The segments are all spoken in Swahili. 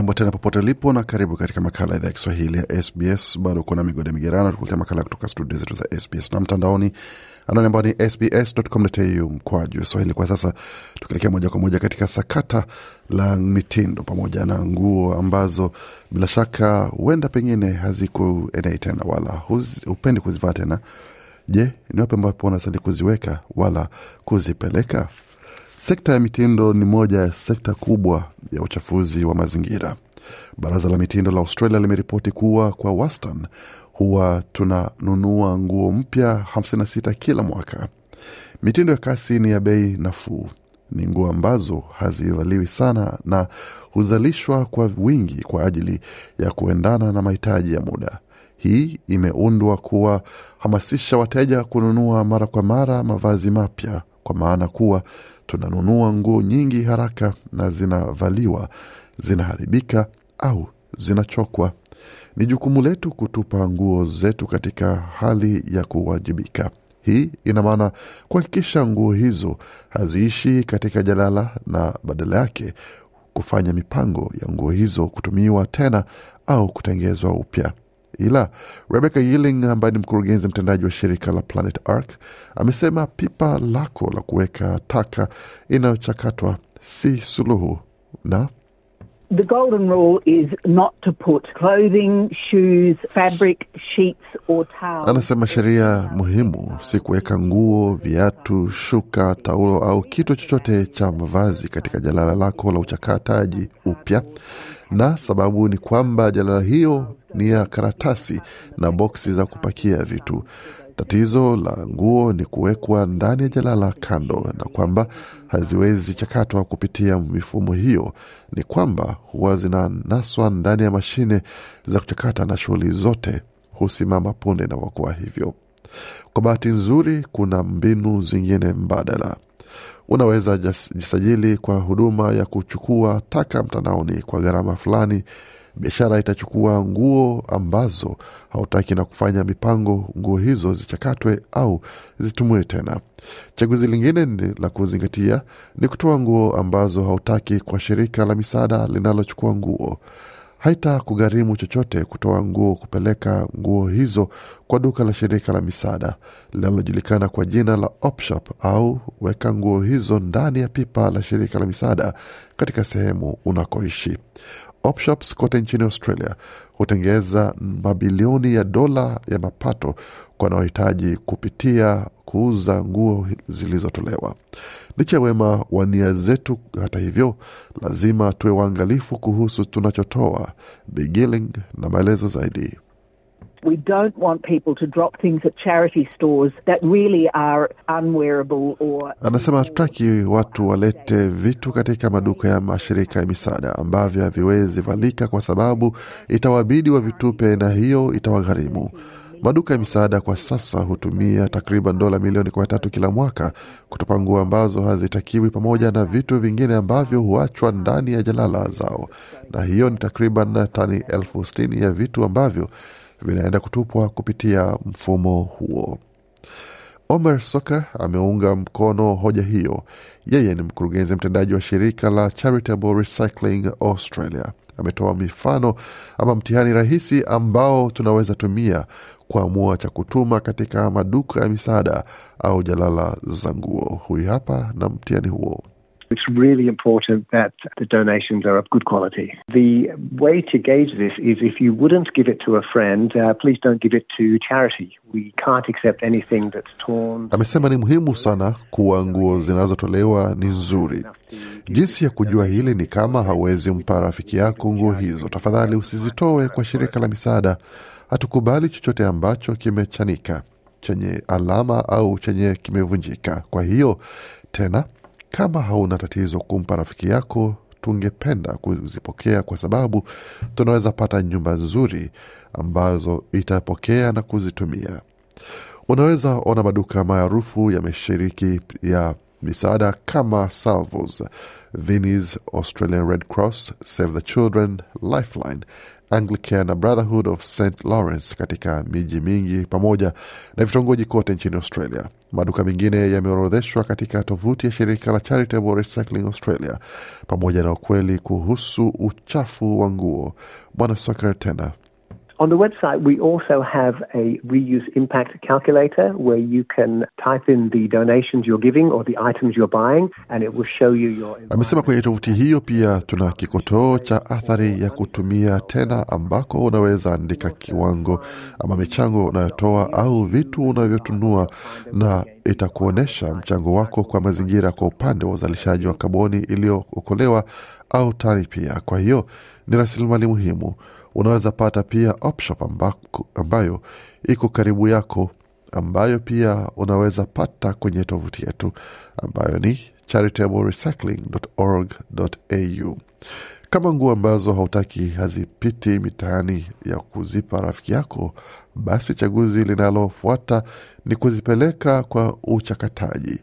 Jambo tena popote ulipo na karibu katika makala idhaa ya Kiswahili ya SBS. Bado kuna migode migerano, tukuletea makala kutoka studio zetu za SBS na mtandaoni, anwani ambao ni sbs.com.au mkwajuu swahili. Kwa sasa tukielekea moja kwa moja katika sakata la mitindo pamoja na nguo ambazo bila shaka huenda pengine hazikuenei tena wala hupendi kuzivaa tena. Je, ni wapi ambapo unasali kuziweka wala kuzipeleka? Sekta ya mitindo ni moja ya sekta kubwa ya uchafuzi wa mazingira. Baraza la mitindo la Australia limeripoti kuwa kwa waston huwa tunanunua nguo mpya 56 kila mwaka. Mitindo ya kasi ni ya bei nafuu, ni nguo ambazo hazivaliwi sana na huzalishwa kwa wingi kwa ajili ya kuendana na mahitaji ya muda. Hii imeundwa kuwahamasisha wateja kununua mara kwa mara mavazi mapya, kwa maana kuwa tunanunua nguo nyingi haraka na zinavaliwa, zinaharibika au zinachokwa. Ni jukumu letu kutupa nguo zetu katika hali ya kuwajibika. Hii ina maana kuhakikisha nguo hizo haziishi katika jalala na badala yake kufanya mipango ya nguo hizo kutumiwa tena au kutengezwa upya. Ila rebeka Yiling ambaye ni mkurugenzi mtendaji wa shirika la Planet arc amesema pipa lako la kuweka taka inayochakatwa si suluhu na The golden rule is not to put clothing, shoes, fabric, sheets or towels. Anasema sheria muhimu si kuweka nguo, viatu, shuka, taulo au kitu chochote cha mavazi katika jalala lako la uchakataji upya, na sababu ni kwamba jalala hiyo ni ya karatasi na boksi za kupakia vitu. Tatizo la nguo ni kuwekwa ndani ya jalala kando, na kwamba haziwezi chakatwa kupitia mifumo hiyo, ni kwamba huwa zinanaswa ndani ya mashine za kuchakata na shughuli zote husimama punde inapokuwa hivyo. Kwa bahati nzuri, kuna mbinu zingine mbadala. Unaweza jisajili kwa huduma ya kuchukua taka mtandaoni kwa gharama fulani Biashara itachukua nguo ambazo hautaki na kufanya mipango nguo hizo zichakatwe au zitumiwe tena. Chaguzi lingine ni la kuzingatia ni kutoa nguo ambazo hautaki kwa shirika la misaada linalochukua nguo. Haita kugharimu chochote kutoa nguo, kupeleka nguo hizo kwa duka la shirika la misaada linalojulikana kwa jina la Opshop, au weka nguo hizo ndani ya pipa la shirika la misaada katika sehemu unakoishi. Opshops kote nchini Australia hutengeza mabilioni ya dola ya mapato kwa wanaohitaji kupitia kuuza nguo zilizotolewa. Licha ya wema wa nia zetu, hata hivyo, lazima tuwe waangalifu kuhusu tunachotoa. Bigiling na maelezo zaidi. We don't want people to drop things at charity stores that really are unwearable or... Anasema hatutaki watu walete vitu katika maduka ya mashirika ya misaada ambavyo haviwezi valika kwa sababu itawabidi wavitupe na hiyo itawagharimu. Maduka ya misaada kwa sasa hutumia takriban dola milioni kwa tatu kila mwaka kutupa nguo ambazo hazitakiwi pamoja na vitu vingine ambavyo huachwa ndani ya jalala zao, na hiyo ni takriban tani elfu sitini ya vitu ambavyo vinaenda kutupwa kupitia mfumo huo. Omer Soka ameunga mkono hoja hiyo. Yeye ni mkurugenzi mtendaji wa shirika la Charitable Recycling Australia. Ametoa mifano ama mtihani rahisi ambao tunaweza tumia kuamua cha kutuma katika maduka ya misaada au jalala za nguo. Huyu hapa na mtihani huo. It's really important that the donations are of good quality. The way to gauge this is if you wouldn't give it to a friend, uh, please don't give it to charity. We can't accept anything that's torn. Amesema ni muhimu sana kuwa nguo zinazotolewa ni nzuri. Jinsi ya kujua hili ni kama hawezi mpa rafiki yako nguo hizo, tafadhali usizitoe kwa shirika la misaada. Hatukubali chochote ambacho kimechanika, chenye alama au chenye kimevunjika. Kwa hiyo tena kama hauna tatizo kumpa rafiki yako, tungependa kuzipokea kwa sababu tunaweza pata nyumba nzuri ambazo itapokea na kuzitumia. Unaweza ona maduka maarufu yameshiriki ya misaada kama Salvos, Vinnies, Australian Red Cross, Save the Children, Lifeline, Anglican na Brotherhood of St Lawrence katika miji mingi pamoja na vitongoji kote nchini Australia. Maduka mengine yameorodheshwa katika tovuti ya shirika la Charitable Recycling Australia. Pamoja na ukweli kuhusu uchafu wa nguo, mwanasoka tena On the website, we also have a reuse impact calculator where you can type in the donations you're giving or the items you're buying and it will show you your. Amesema kwenye tovuti hiyo pia tuna kikotoo cha athari ya kutumia tena, ambako unaweza andika kiwango ama michango unayotoa au vitu unavyotunua na itakuonyesha mchango wako kwa mazingira kwa upande wa uzalishaji wa kaboni iliyookolewa au tani. Pia kwa hiyo ni rasilimali muhimu Unaweza pata pia opshop ambako, ambayo iko karibu yako ambayo pia unaweza pata kwenye tovuti yetu ambayo ni charitablerecycling.org.au. Kama nguo ambazo hautaki hazipiti mitaani ya kuzipa rafiki yako, basi chaguzi linalofuata ni kuzipeleka kwa uchakataji.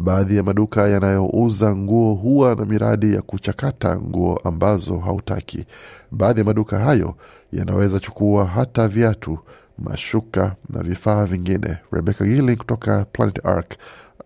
Baadhi ya maduka yanayouza nguo huwa na miradi ya kuchakata nguo ambazo hautaki. Baadhi ya maduka hayo yanaweza chukua hata viatu, mashuka na vifaa vingine. Rebecca Gilling kutoka Planet Ark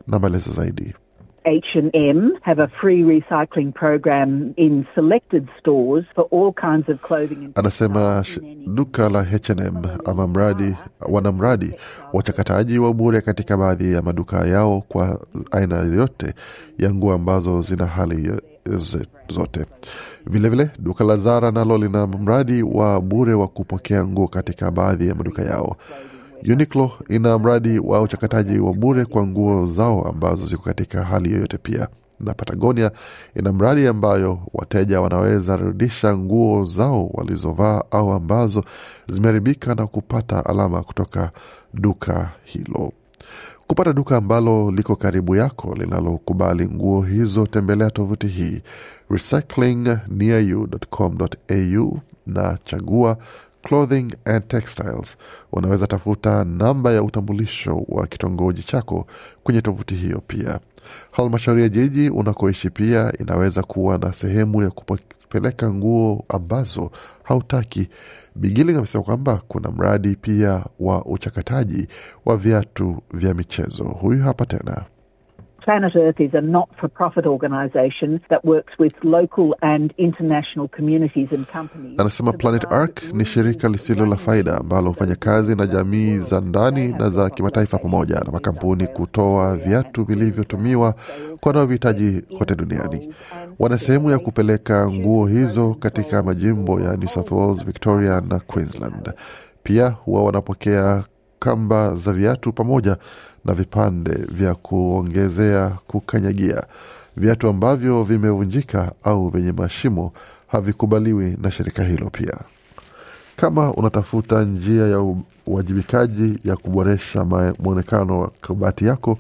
na maelezo zaidi. H&M have a free recycling program in selected stores for all kinds of clothing. Anasema duka la H&M ama mradi wana mradi wachakataji wa bure katika baadhi ya maduka yao kwa aina yote ya nguo ambazo zina hali zote. Vilevile vile, duka la Zara nalo lina mradi wa bure wa kupokea nguo katika baadhi ya maduka yao. Uniqlo ina mradi wa uchakataji wa bure kwa nguo zao ambazo ziko katika hali yoyote pia na Patagonia ina mradi ambayo wateja wanaweza rudisha nguo zao walizovaa au ambazo zimeharibika na kupata alama kutoka duka hilo. Kupata duka ambalo liko karibu yako linalokubali nguo hizo, tembelea tovuti hii recyclingnearyou.com.au na chagua clothing and textiles. Unaweza tafuta namba ya utambulisho wa kitongoji chako kwenye tovuti hiyo. Pia halmashauri ya jiji unakoishi pia inaweza kuwa na sehemu ya kupeleka nguo ambazo hautaki. Bigiling amesema kwamba kuna mradi pia wa uchakataji wa viatu vya michezo. Huyu hapa tena Planet Earth is a not for profit organization that works with local and international communities and companies. Anasema Planet Ark ni shirika lisilo la faida ambalo hufanya kazi na jamii za ndani na za kimataifa pamoja na makampuni kutoa viatu vilivyotumiwa kwa wanaovihitaji kote duniani. Wana sehemu ya kupeleka nguo hizo katika majimbo ya New South Wales, Victoria na Queensland. Pia huwa wanapokea kamba za viatu pamoja na vipande vya kuongezea kukanyagia. Viatu ambavyo vimevunjika au vyenye mashimo havikubaliwi na shirika hilo. Pia, kama unatafuta njia ya uwajibikaji ya kuboresha mwonekano wa kabati yako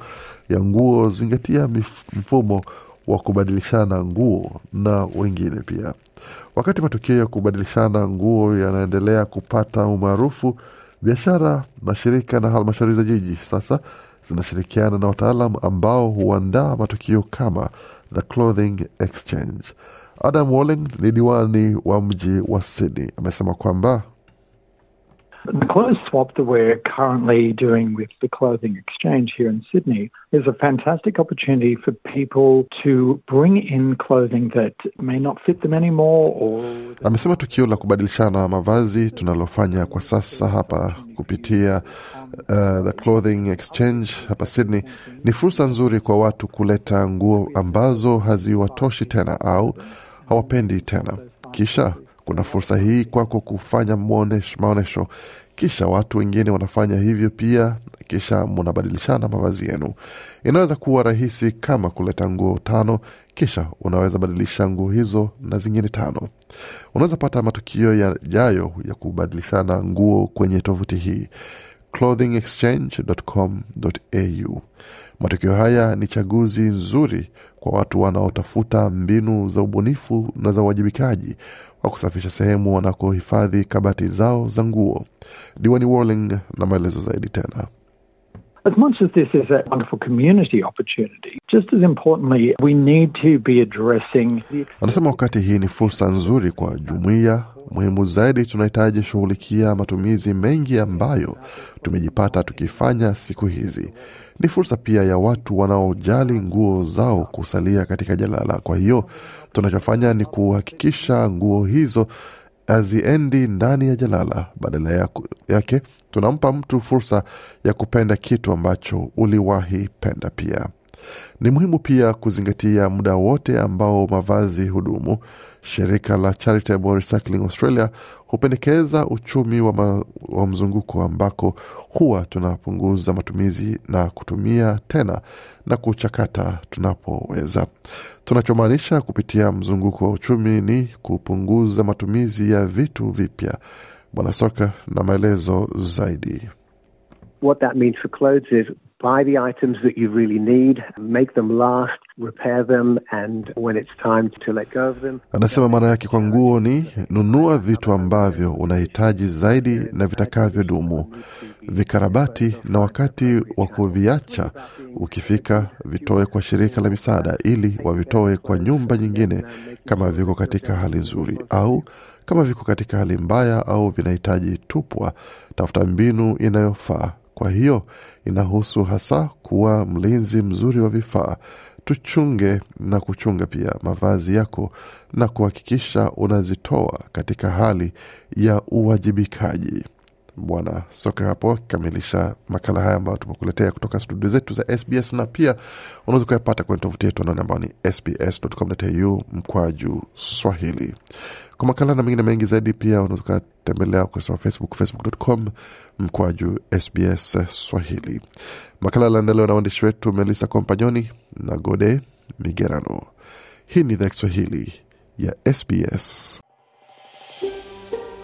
ya nguo, zingatia mfumo wa kubadilishana nguo na wengine pia. Wakati matukio ya kubadilishana nguo yanaendelea kupata umaarufu, Biashara, mashirika na halmashauri za jiji sasa zinashirikiana na wataalam ambao huandaa matukio kama the clothing exchange. Adam Walling ni diwani wa mji wa Sydney amesema kwamba The clothes swap that we're currently doing with the Clothing Exchange here in Sydney is a fantastic opportunity for people to bring in clothing that may not fit them anymore or... Amesema tukio la kubadilishana mavazi tunalofanya kwa sasa hapa kupitia uh, the Clothing Exchange hapa Sydney ni fursa nzuri kwa watu kuleta nguo ambazo haziwatoshi tena au hawapendi tena kisha kuna fursa hii kwako kufanya maonesho, kisha watu wengine wanafanya hivyo pia, kisha munabadilishana mavazi yenu. Inaweza kuwa rahisi kama kuleta nguo tano, kisha unaweza badilisha nguo hizo na zingine tano. Unaweza pata matukio yajayo ya kubadilishana nguo kwenye tovuti hii clothingexchange.com.au. Matukio haya ni chaguzi nzuri kwa watu wanaotafuta mbinu za ubunifu na za uwajibikaji wa kusafisha sehemu wanakohifadhi kabati zao za nguo. Diwani Warling na maelezo zaidi tena. As much as this is a wonderful community opportunity, just as importantly, we need to be addressing. Anasema wakati hii ni fursa nzuri kwa jumuiya Muhimu zaidi, tunahitaji shughulikia matumizi mengi ambayo tumejipata tukifanya siku hizi. Ni fursa pia ya watu wanaojali nguo zao kusalia katika jalala. Kwa hiyo tunachofanya ni kuhakikisha nguo hizo haziendi ndani ya jalala. Badala yake tunampa mtu fursa ya kupenda kitu ambacho uliwahi penda pia. Ni muhimu pia kuzingatia muda wote ambao mavazi hudumu. Shirika la Charitable Recycling Australia hupendekeza uchumi wa, ma, wa mzunguko ambako huwa tunapunguza matumizi na kutumia tena na kuchakata tunapoweza. Tunachomaanisha kupitia mzunguko wa uchumi ni kupunguza matumizi ya vitu vipya. Bwana Soka na maelezo zaidi. What that means for clothes is buy the items that you really need, make them last, repair them and when it's time to let go of them. Anasema maana yake kwa nguo ni nunua vitu ambavyo unahitaji zaidi na vitakavyodumu, vikarabati, na wakati wa kuviacha ukifika, vitoe kwa shirika la misaada ili wavitoe kwa nyumba nyingine kama viko katika hali nzuri au kama viko katika hali mbaya au vinahitaji tupwa, tafuta mbinu inayofaa kwa hiyo inahusu hasa kuwa mlinzi mzuri wa vifaa. Tuchunge na kuchunga pia mavazi yako na kuhakikisha unazitoa katika hali ya uwajibikaji. Bwana soke hapo akikamilisha makala haya ambayo tumekuletea kutoka studio zetu za SBS, na pia unaweza ukayapata kwenye tovuti yetu anaone ambao ni sbs.com.au mkwaju Swahili. Kwa makala na mengine mengi zaidi, pia unaweza ukatembelea ukurasa wa Facebook, facebook.com mkwaju SBS Swahili. Makala yaliandaliwa na waandishi wetu Melissa Kompanyoni na Gode Migerano. Hii ni idhaa Kiswahili ya SBS